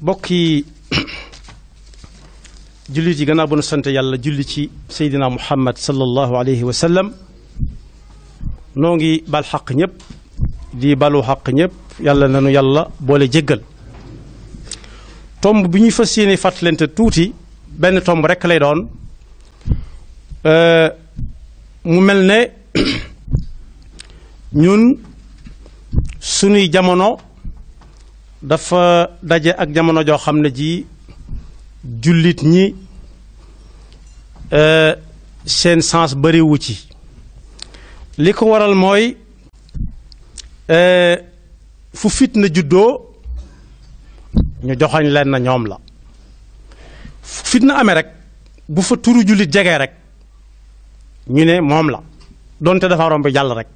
bokki yi jullit yi gannaaw bu yàlla julli ci sayidina muhammad sallallahu alayhi wa sallam nongi bal haq ñep di balu haq ñep yàlla nanu yàlla boole jéggal tomb bi ñuy fassiyene yéene fàttalante tuuti benn tomb rekk lay doon mu melne ñun suñu jamono dafa daje ak jamono joo xam ne ji jullit ñi euh, seen sens bariwu ci li ko waral mooy euh, fu fit na juddoo ñu joxañ leen na ñoom la fit na ame rek bu fa turu jullit jegee rek ñu ne moom la doonte dafa romb jàll rek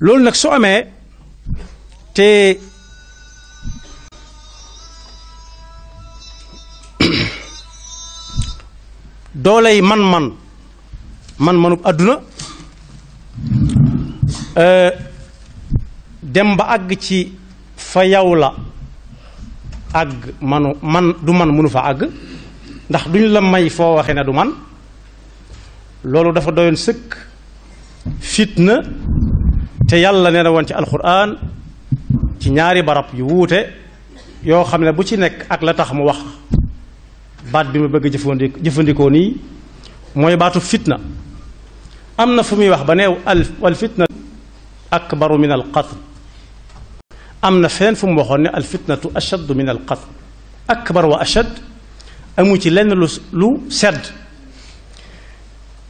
loolu nag su amee te doole yi man-man man-manub àdduna euh, dem ba àgg ci fa yow la àgg manu man du man mënu fa àgg ndax duñu la may foo waxe ne du man loolu dafa doyoon sëkk fitna te yàlla nee na woon ci alxuraan ci ñaari barab yu wuute yoo xam ne bu ci nekk ak la tax mu wax baat bi ma bëgg jëfandikoo jëfandikoo nii mooy baatu fitna am na fu muy wax ba neew al fitna akbaru min al qatl am na feneen fu mu waxoon ne al fitnatu ashaddu min al qatl akbar wa ashad amu ci lenn lu lu sedd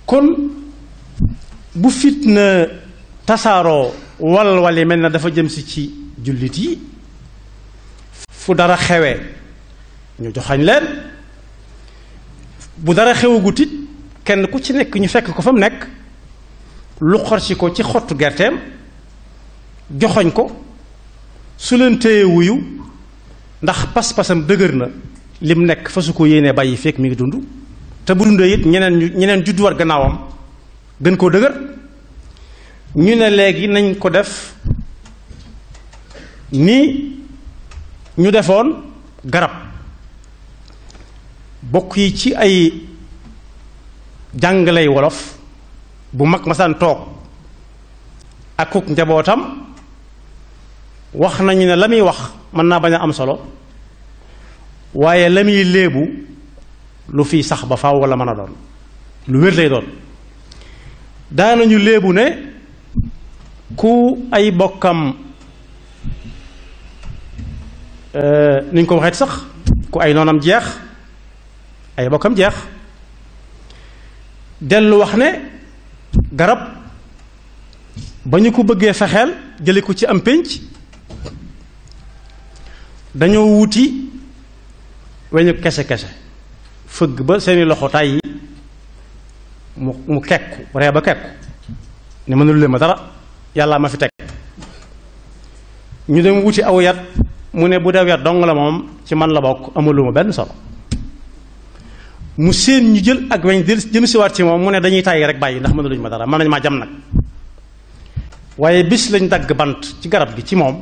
kon bu fitna tasaaroo wali mel na dafa jëm si ci jullit yi fu dara xewee ñu joxañ leen bu dara xewagut it kenn ku ci nekk ñu fekk ko fa mu nekk lu xorsi ko ci xottu gerteem joxoñ ko su leen téye wuyu ndax pas-pasam dëgër na lim nekk fa su ko yéenee bàyyi fekk mi ngi dund te bu dundee it ñeneen ñu ñeneen juddu war gannaawam gën koo dëgër ñu ne léegi nañ ko def ni ñu defoon garab bokk yi ci ay jàngalay wolof bu mag masaan toog ak akuk njabootam wax nañu ne la muy wax mën naa bañ a am solo waaye la muy léebu lu fi sax ba faaw wala mën a doon lu wér lay doon daanañu léebu ne ku ay bokkam euh, niñ ko waxeet sax ku ay noonam jeex ay bokkam jeex dellu wax ne garab ba ñu ko bëggee fexeel jële ko ci am pénc dañoo wuti weñu kese kese fëgg ba seeni loxo tay mu mu kekku ree ba kekku ne mënul leen ma dara yàlla ma fi teg ñu dem wuti aw yat mu ne bu dew yat dong la moom ci man la bokk amuluma benn solo mu séen ñu jël ak weñ del jëm siwaat ci moom mu ne dañuy tàyyi rek bàyyi ndax mëna luñu ma dara mën nañ jam nag waaye bis lañ dagg bant ci garab gi ci moom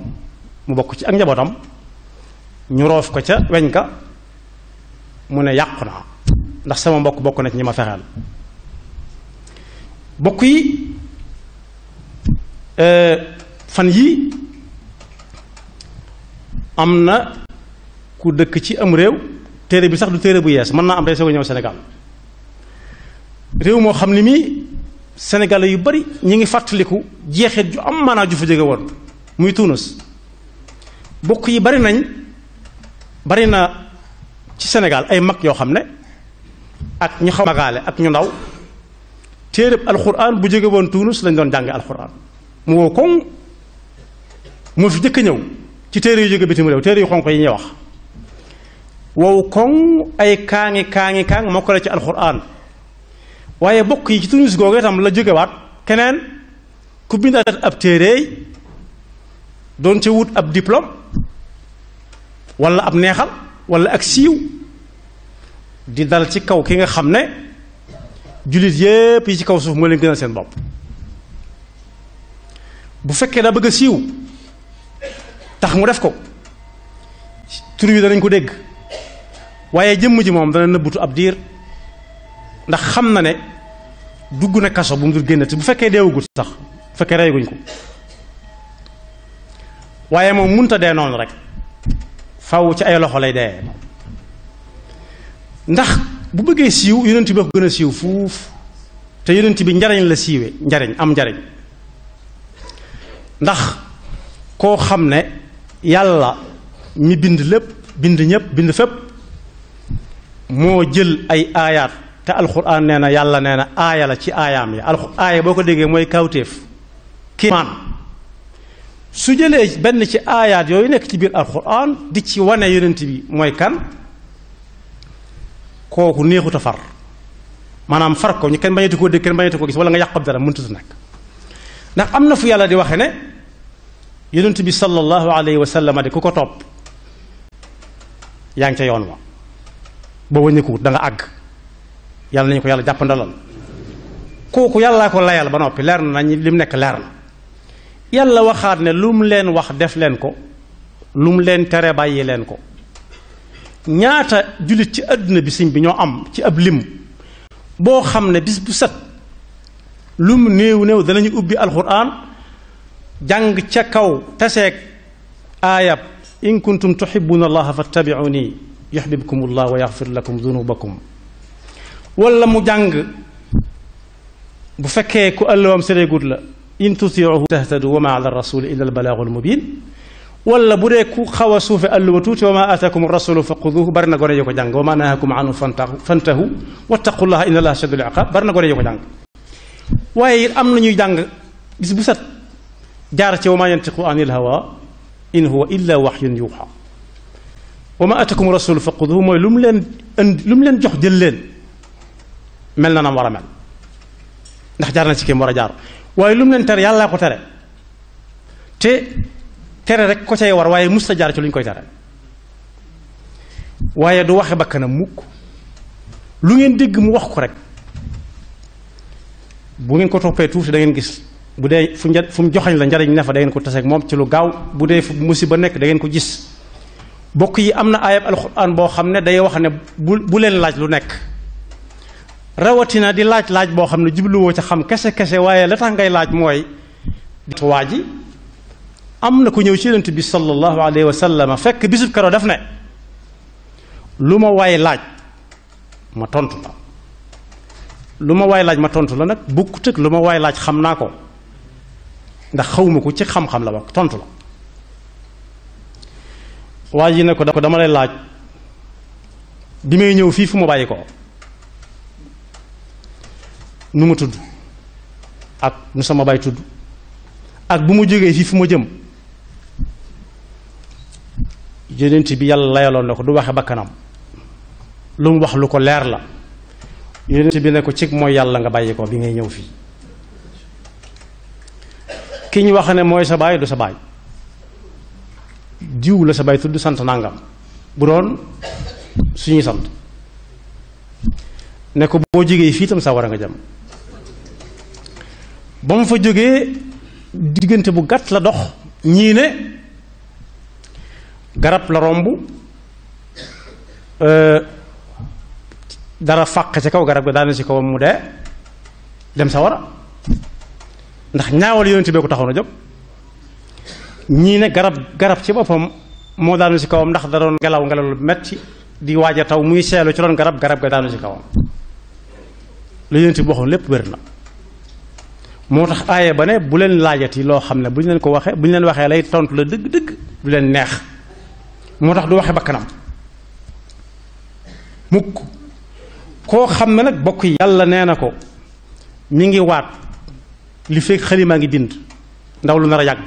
mu bokk ci ak njabootam ñu roof ko ca weñ ka mu ne yàqu naa ndax sama mbokk bokk na ñu ñi ma fexeel bokk yi euh, fan yi am na ku dëkk ci am réew téere bi sax du téere bu yees mën naa am tey soo ko ñëw Sénégal réew moo xam ni mii sénégalais yu bari ñu ngi fàttaliku jeexit ju am maanaa ju fa jóge woon muy Tunis bokk yi bari nañ bari na ci Sénégal ay mag yoo xam ne ak ñu xaw magaale ak ñu ndaw téere téereb alxuraan bu jege woon tunus lañ doon jànge alxuraan mu wow koŋ moo fi jëkk ñëw ci téere yu jóge bitim réew téere yu xonq yi ñuy wax wow koŋ ay kaangi kaangi kaang mokkale ci alxuraan waaye bokk yi ci tunis googu tam la jógewaat keneen ku bindaat ab téereey doon ci wut ab diplôme wala ab neexal wala ak siiw di dal ci kaw ki nga xam ne jullit yépp yi ci kaw suuf moo leen gënal seen bopp bu fekkee daa bëgg a siiw tax mu def ko tur wi danañ ko dégg waaye jëmm ji moom dana nëbbutu ab diir ndax xam na ne dugg na kaso bu mu dul génnati bu fekkee deewagul sax bu fekkee reyguñ ko waaye moom munta dee noonu rek faw ci ay loxo lay dee ndax bu bëggee siiw yonent bi ko gën a siiw fuuf te yonent bi njariñ la siiwee njariñ am njariñ ndax koo xam ne yàlla mi bind lépp bind ñépp bind fépp moo jël ay aayaat te alxuraan nee na yàlla nee na aaya la ci aayaam ya alxu aaya boo ko déggee mooy kawtéef kiimaan su jëlee benn ci aayaat yooyu nekk ci biir alquran di ci wane yonent bi mooy kan kooku neexut a far maanaam far ko ñu kenn bañati koo dégg kenn bañati koo gis wala nga yàqab dara mëntut nag ndax am na fu yàlla di waxe ne yonent bi sallallahu alayhi wa sallam di ku ko topp yaa ngi ca yoon wa ba wëññikuwut da nga àgg yàlla nañu ko yàlla jàppandalal kooku yàllaa ko layal ba noppi leer na nañ li mu nekk leer na yàlla waxaat ne lu mu wax def leen ko lu mu tere bàyyi leen ko ñaata jullit ci àdduna bi siñ bi ñoo am ci ab lim boo xam bis bu set lu mu néew néew danañu ubbi alxuraan jàng ca kaw taseeg aayab in kuntum tuhibbuna allaha fattabi'uni يحببكم الله ويغفر لكم ذنوبكم ولا مجانغ بفكه كو سري غودلا ان تطيعوه تهتدوا وما على الرسول الا البلاغ المبين ولا بودي كو خوا سوف الوتوت وما اتاكم الرسول فخذوه برنا غوري يكو جانغ وما نهاكم عنه فانتهوا فانتهوا واتقوا الله ان الله شد العقاب برنا غوري يكو جانغ واي ام نيو جانغ بس بوسات جارتي وما ينطق عن الهوى ان هو الا وحي يوحى wa ma atakum rasul fa xuduhu mooy lu mu leen indi lu mu leen jox jël leen mel na nam war a mel ndax jaar na ci kéem war a jaar waaye lu mu leen tere yàllaa ko tere te tere rek ko cay war waaye musta jaar ci lu ñu koy tere waaye du waxe bakkanam mukk lu ngeen dégg mu wax ko rek bu ngeen ko toppee tuuti da ngeen gis bu dee fu fu mu joxañ la njariñ ne fa da ngeen ko taseeg moom ci lu gaaw bu dee fu musiba nekk dangeen ko gis bokk yi amna na ayab alxuraan boo day wax ne bu len laaj lu nek rawatina di laaj laaj bo xamne jiblu wo ci xam kese kesse waye la tax ngay laaj moy waji amna ko ñëw ci yonent bi sallallahu alayhi wa sallam fekk bisub karo daf ne luma way laaj ma tontu la luma way laaj ma tontu la nak bukkut ak luma way laaj xamna ko ndax xawma ko ci xam-xam la bok tontu la waa ji ne ko dama lay laaj bi may ñëw fii fu ma bàyyi ko nu ma tudd ak nu sama baay tudd ak bu mu jógee fii fu ma jëm yonent bi yàlla layaloon na ko du waxe bakkanam lu mu wax lu ko leer la yonent bi ne ko cig mooy yàlla nga bàyyi ko bi ngay ñëw fii ki ñu wax ne mooy sa baay du sa baay diw la sa baay tudd sant nangam bu doon suñuy sant ne ko boo jógee fii tam sawara nga jëm ba mu fa jógee diggante bu gàtt la dox ñii ne garab la romb euh, dara fàq ci kaw garab ga daana ci kawam mu de dem sawara ndax ñaawal yonent bee ko taxoon na jóg ñii ne garab garab ci boppam moo daanu si kawam ndax da doon ngelaw ngelaw lu metti di waaja taw muy seelu ci doon garab garab ga daanu si kawam lu yonent bi waxoon lépp wér na moo tax aaye ba ne bu leen yi loo xam ne bu ñu leen ko waxee bu ñu leen waxee lay tontu la dëgg dëgg du leen neex moo tax du waxe bakkanam mukk koo xam ne nag bokk yi yàlla nee na ko mi ngi waat li fekk xalimaa ngi bind ndaw lu nar a yàgg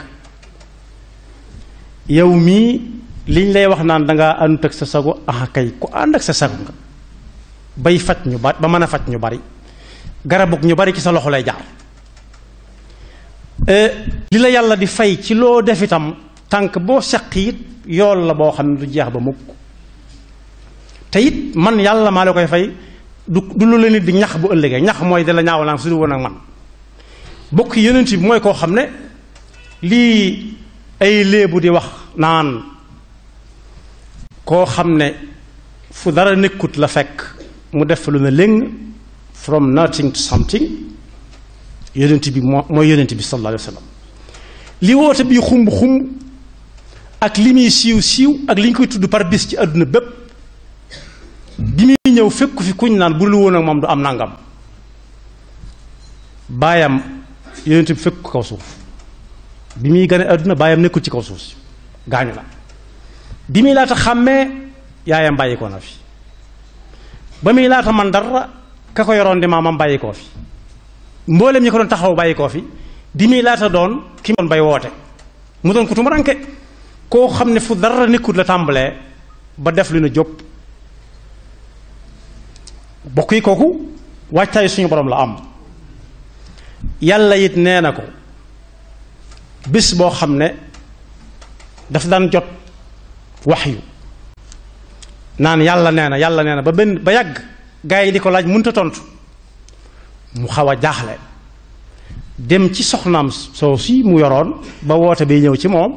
yow mi liñ lay wax naan nga àndut ak sa sago ah kay ku and ak sa sago nga bay fat ñu ba mëna fat ñu bari garabuk ñu bari ci sa loxo lay jaar eh, li la yalla di fay ci lo def itam tank bo seq yol la bo xamne du jeex ba mukk tayit man yalla ma la koy fay du lu leen di ñax bu ëllëgee ñax moy dala ñaaw naan su du ak man bokk yonent moy ko xamne li ay léebu di wax naan koo xam ne fu dara nekkut la fekk mu def lu ne léng from nothing to something yonent bi moo mooy yonent bi sallallahu alayhi wa li woote bi xumb xumb ak li muy siiw siiw ak li ñu koy tudd par bis ci àdduna bépp bi muy ñëw fekku fi kuñ naan bu dul woon ak moom du am nangam baayam yonent bi fekk kaw suuf bi muy gane àdduna baayam nekkul ci kaw suus si gaañu la bi muy laata xàmmee yaayam bàyyi ko na fi ba muy laata man dara ka ko yoroon di maamam bàyyi koo fi mboolem ñi ko doon taxaw bàyyi koo fi bi muy laata doon ki doon bay woote mu doon ku tumuranke koo xam ne fu dara nekkul la tàmbalee ba def lu na jóg bokk yi kooku waajtaay suñu borom la am yàlla it nee na ko bis boo xam ne daf daan jot wax yu naan yàlla nee na yàlla nee na ba benn ba yàgg gars yi di ko laaj munta tontu mu xaw a jaaxle dem ci soxnaam soo si mu yoroon ba woote bi ñëw ci moom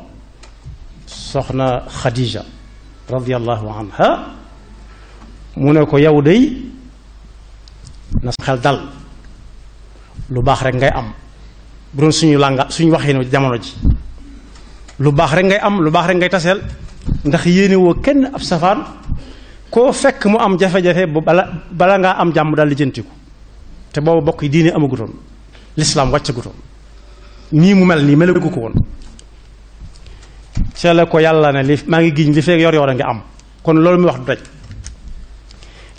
soxna Khadija radiyallahu anha mu ne ko yow day na xel dal lu baax rek ngay am bu doon suñu lànga suñu waxee jamono ji lu baax rek ngay am lu baax rek ngay taseel ndax yéene kenn ab safaan koo fekk mu am jafe-jafe ba bala bala ngaa am jàmm daal lijjantiku te booba bokk yi diine amagutoon lislaam wàccagutoon nii mu mel nii melagu ko woon seela ko yàlla ne li maa ngi giñ li feeg yor yor a ngi am kon loolu muy wax du daj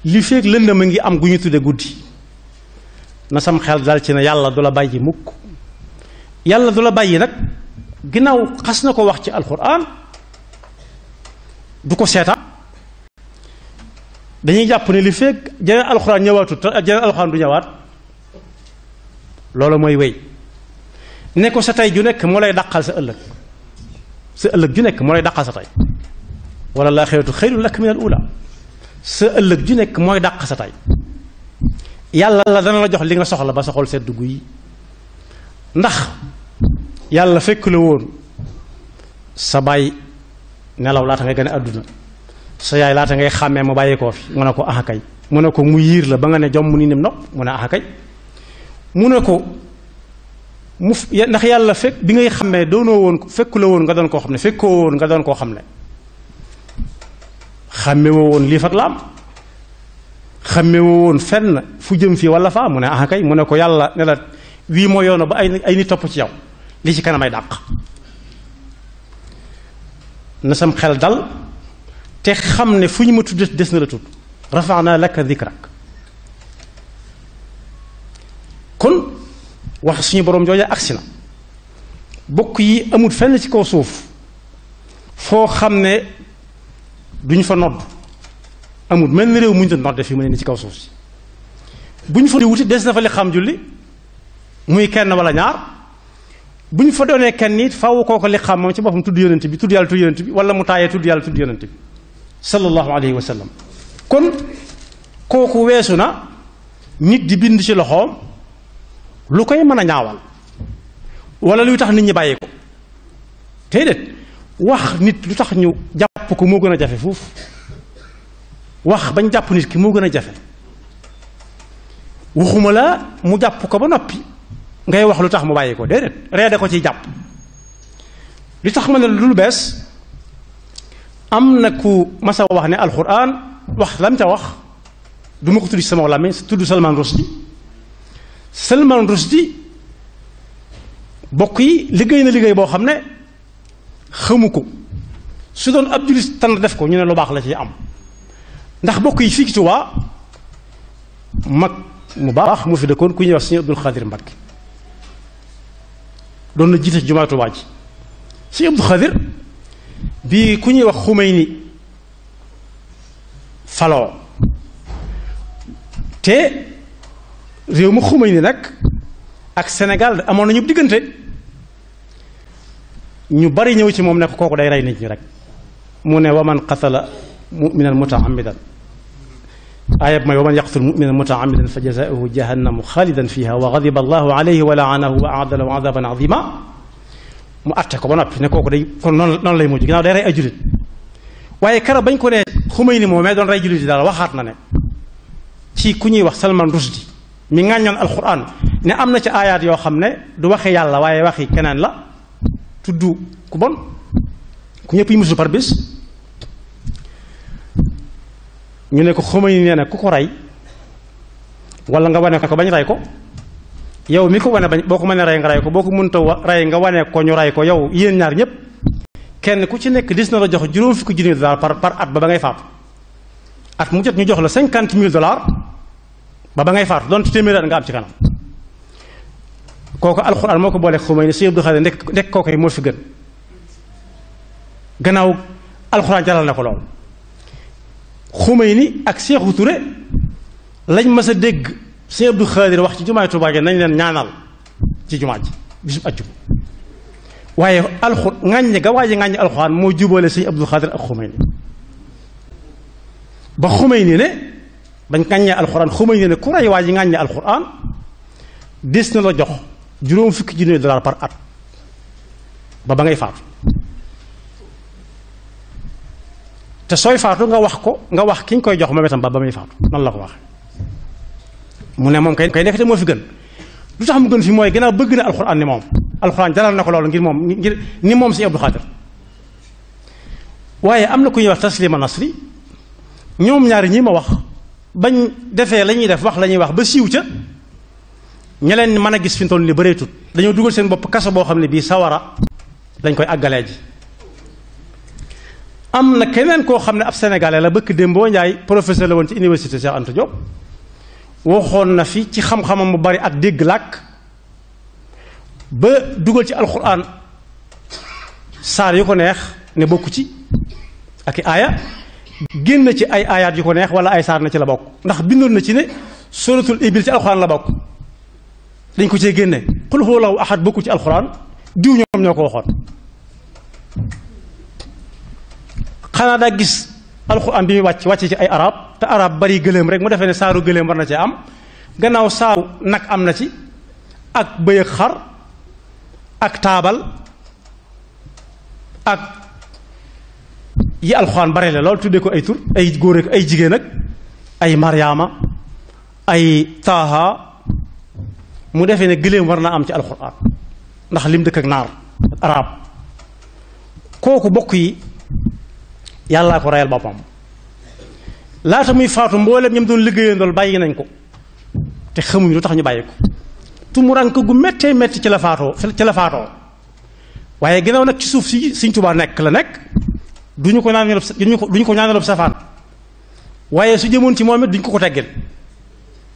li feeg lëndam a ngi am gu ñu tudde guddi na sam xel dal ci ne yàlla du la bàyyi mukk yàlla du la bàyyi nag ginnaaw xas na ko wax ci alxuraan du ko seetaan dañuy jàpp ne li fekk jeneen alxuraan ñëwaatut te jeneen alxuraan du ñëwaat loolu mooy wéy ne ko sa tey ju nekk moo lay dàqal sa ëllëg sa ëllëg ju nekk moo lay dàqal sa tey wala laa xeetu xëyrun lak min al ula sa ëllëg ju nekk mooy dàq sa tey yàlla la dana la jox li nga soxla ba sa xol sedd guy ndax yàlla fekk la woon sa bay nelaw laata ngay gën a àdduna sa yaay laata ngay xàmmee mu bàyyi koo fi mu ne ko aha kay mu ne ko mu yiir la ba nga ne jom mu ni nim nopp mu ne aha kay mu ne ko mu ndax yàlla fekk bi ngay xàmmee doonoo woon fekk la woon nga doon koo xam ne fekkoo woon nga doon koo xam ne xàmmewoo woon lii fat la am xàmmewoo woon fenn fu jëm fii wala faa mu ne aha kay mu ne ko yàlla ne la wii moo yoona ba ay ay nit topp ci yow li ci kanamay dàq na sam xel dal te xam ne fu ñu ma tudd des na la tudd rafaana laka dikrak kon wax suñu borom jooja agsi na bokk yi amul fenn ci kaw suuf foo xam ne duñ fa nodd amul mel ni réew muñ doon nodde fi mu ne ni ci kaw suuf si bu ñu fa di wuti des na fa li xam julli muy kenn wala ñaar bu ñu fa doonee kenn it faw kooku li xam moom ci boppam tudd yonent bi tudd yàlla tudd yonent bi wala mu taayee tudd yàlla tudd yonent bi sallallahu alayhi wa kon kooku weesu na nit di bind ci loxoom lu koy mën a ñaawal wala luy tax nit ñi bàyyi ko déedéet wax nit lu tax ñu jàpp ko moo gën a jafe foofu wax bañ jàpp nit ki moo gën a jafe waxuma la mu jàpp ko ba noppi ngay wax lutax mu bayiko dedet redé ko ci jàpp li tax man lu bes bees am na ku massa wax ne alquran wax lam ta wax du ma ko sama lamé tudd Salman rusdi Salman rusdi bokk yi liggéey na liggéey bo xamné xamuko su doon abdulis tan def ko ñu ne lu bax la ci am ndax bokk yi fi ci Tuubaa mak mu bax mu fi dëkkoon ku ñu wax Sëriñ Abdul khadir Mbakke doon na jiite jumaatu Tuubaa ji si Abdu Xaadir bi ku ñuy wax Xumayni faloo te réew mu Xumayni nag ak Sénégal amoon nañu diggante ñu bari ñëw ci moom ne kooku day rey nit ñi rek mu ne waman qatala bi dal aayab mooy waman yaqtul muminan mutaamidan fa jazaauhu jahannamu xaalidan fiha wa gadiba allahu alayhi wa laanahu wa aada lahu adaban azima mu atte ko ba noppi ne kooku day kon noonu noonu lay mujj ginnaaw day rey ay julit waaye kara bañ ko ne xumay ni moomee doon rey julit yi daal waxaat na ne ci ku ñuy wax Salman Rushdie mi ŋàññoon alquran ne am na ci aayaat yoo xam ne du waxe yàlla waaye waxi keneen la tudd ku bon ku ñëpp yi musul par bis ñu ne ko Khomeini nee na ku ko rey wala nga wane ko bañ rey ko yow mi ko wane bañ boo ko mënee rey nga rey ko boo ko mënta rey nga wane ko ñu rey ko yow yéen ñaar ñëpp kenn ku ci nekk dis na la jox juróom fukki junni dollar par par at ba ba ngay faatu at mu jot ñu jox la cinquante mille dollars ba ba ngay faatu doon téeméer at nga am ci kanam kooku alxuraan moo ko booleeg Khomeini si Abdou Khadir nekk nekk kooku moo fi gën gannaaw alxuraan jaral na ko loolu. Xumayni ak Seexu Ture lañ mas a dégg Sëñ Abdou Khadir wax ci jumaay Tuubaa gi nañ leen ñaanal ci jumaa ji bisub àjjuma waaye alxu ŋàññe ga waa ji ŋàññe alxuraan moo jubale Sëñ Abdou Khadir ak Xumayni ba Xumayni ne bañ ŋàññee alxuraan Xumayni ku rey waa ji ŋàññe alxuraan des na la jox juróom fukki junni dollar par at ba ba ngay faatu te soy faatu nga wax ko nga wax ki ngi koy jox moom itam ba bamay faatu nan la ko wax mu ne mom kay kay nekete mo fi gën du tax mu gën fi moy gëna bëgg na alquran ni mom alquran dalal nako lolu ngir mom ngir ni mom si Abdou Khadir waye amna ku ñu wax taslima nasri ñoom ñaar ñi ma wax bañ defé lañuy def wax lañuy wax ba siiw ca ña mëna gis fi ton li bëré tut dañu duggal seen bop kasso bo xamni bi sawara lañ koy àggalee ji am na keneen koo xam ne ab sénégalais la bëkk Dembo Ndiaye professeur la woon ci université Cheikh Anta Diop waxoon na fi ci xam-xamam bu bari ak dégg làkk ba dugal ci alxuraan saar yu ko neex ne bokku ci ak i aaya génn ci ay aayaat yu ko neex wala ay saar na ci la bokk ndax bindoon na ci ne suratul ibil ci alxuraan la bokk dañ ko cee génne xul huwallahu ahad bokku ci alxuraan diw ñoom ñoo ko waxoon xanaa daa gis alxuraan bi wàcc wàccee ci ay arab te arab bari gëléem rek mu defee ne saaru gëléem war na ci am gannaaw saaru nag am na ci ak bëy ak xar ak taabal ak yi alxuraan bari la lool tuddee ko ay tur ay góor ak ay jigéen ay maryaama ay taaha mu defee ne gëléem war naa am ci alxuraan ndax lim dëkk ak naar arab kooku bokk yi yàllaa ko reyal boppam laata muy faatu mboolem ñam doon liggéeyandool bàyyi nañ ko te xamuñ lu tax ñu bàyyi ko tumurank gu mettee métti ci la faatoo ci la faatoo waaye ginnaaw nag ci suuf si Sëriñ Tuubaa nekk la nekk duñu ko ñaanal duñu ko ñaanal safaan waaye su jëmoon ci moom it duñ ko ko teggil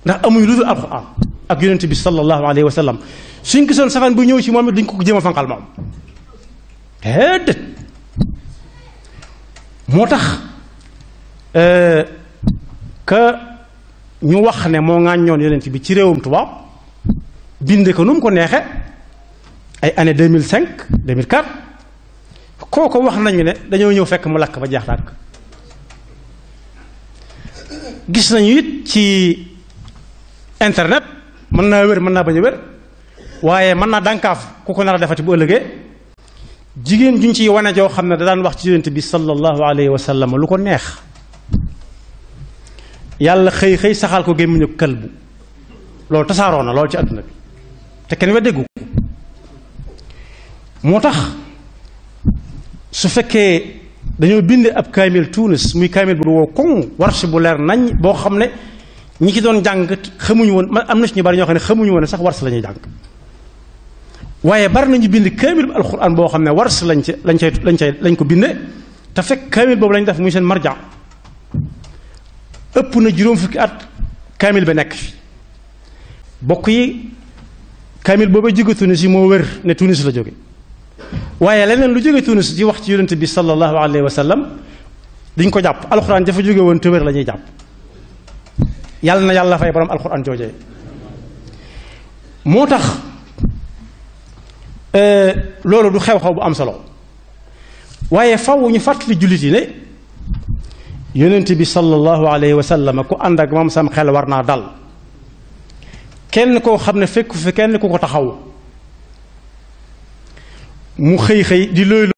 ndax amuñu lu dul alxuraan ak yonent bi sallallahu alayhi wa sallam suñ gisoon safaan bu ñëw ci moom it duñ ko ko jëm a fanqal moom déedéet moo tax euh, que ñu wax ne moo ŋàññoon yonent bi ci réewum tubaab binde ko nu mu ko neexe ay année 2005 2004 kooku wax nañu ne dañoo ñëw fekk mu lakk ba jaax tàkk gis nañu it ci internet mën naa wér mën naa bañ a wér waaye mën naa dànkaaf ku ko nar a defati bu ëllëgee jigéen juñ ciy wane joo xam ne da daan wax ci yonent bi sallallahu alayhi wa sallam lu ko neex yàlla xëy xëy saxal ko gémmiñu kalbu loolu tasaaroo na loolu ci àdduna bi te kenn wa déggu ko su fekke dañu bind ab kamil tunis muy kamil bu wo kong warsh bu leer nañ bo xamne ñi ci doon jàng xamuñu won amna ci ñu bari ñoo xamne xamuñu won sax warsh lañuy jàng waye bar nañu bind kamil alxuraan boo xam ne wars lañ ci lañ ci lañ ci lañ ko binde ta fek kamil bobu lañ def muy sen marja ëpp na juróom fukki at kamil ba nek fi bokk yi kamil bobu jóge Tunis mo wér ne Tunis la jóge waye leneen lu jóge Tunis di wax ci yonent bi sallallahu alayhi wa sallam diñ ko jàpp alxuraan dafa jóge won te lañuy jàpp yàlla na yàlla fay borom alxuraan joojee moo tax loolu du xew-xew bu am solo waaye faw ñu fàttali jullit yi ne yonent bi sallallahu alayhi wa sallam ku ànd ak moom sam xel war naa dal kenn koo xam ne fekku fi kenn ku ko taxaw mu xëy xëy di looy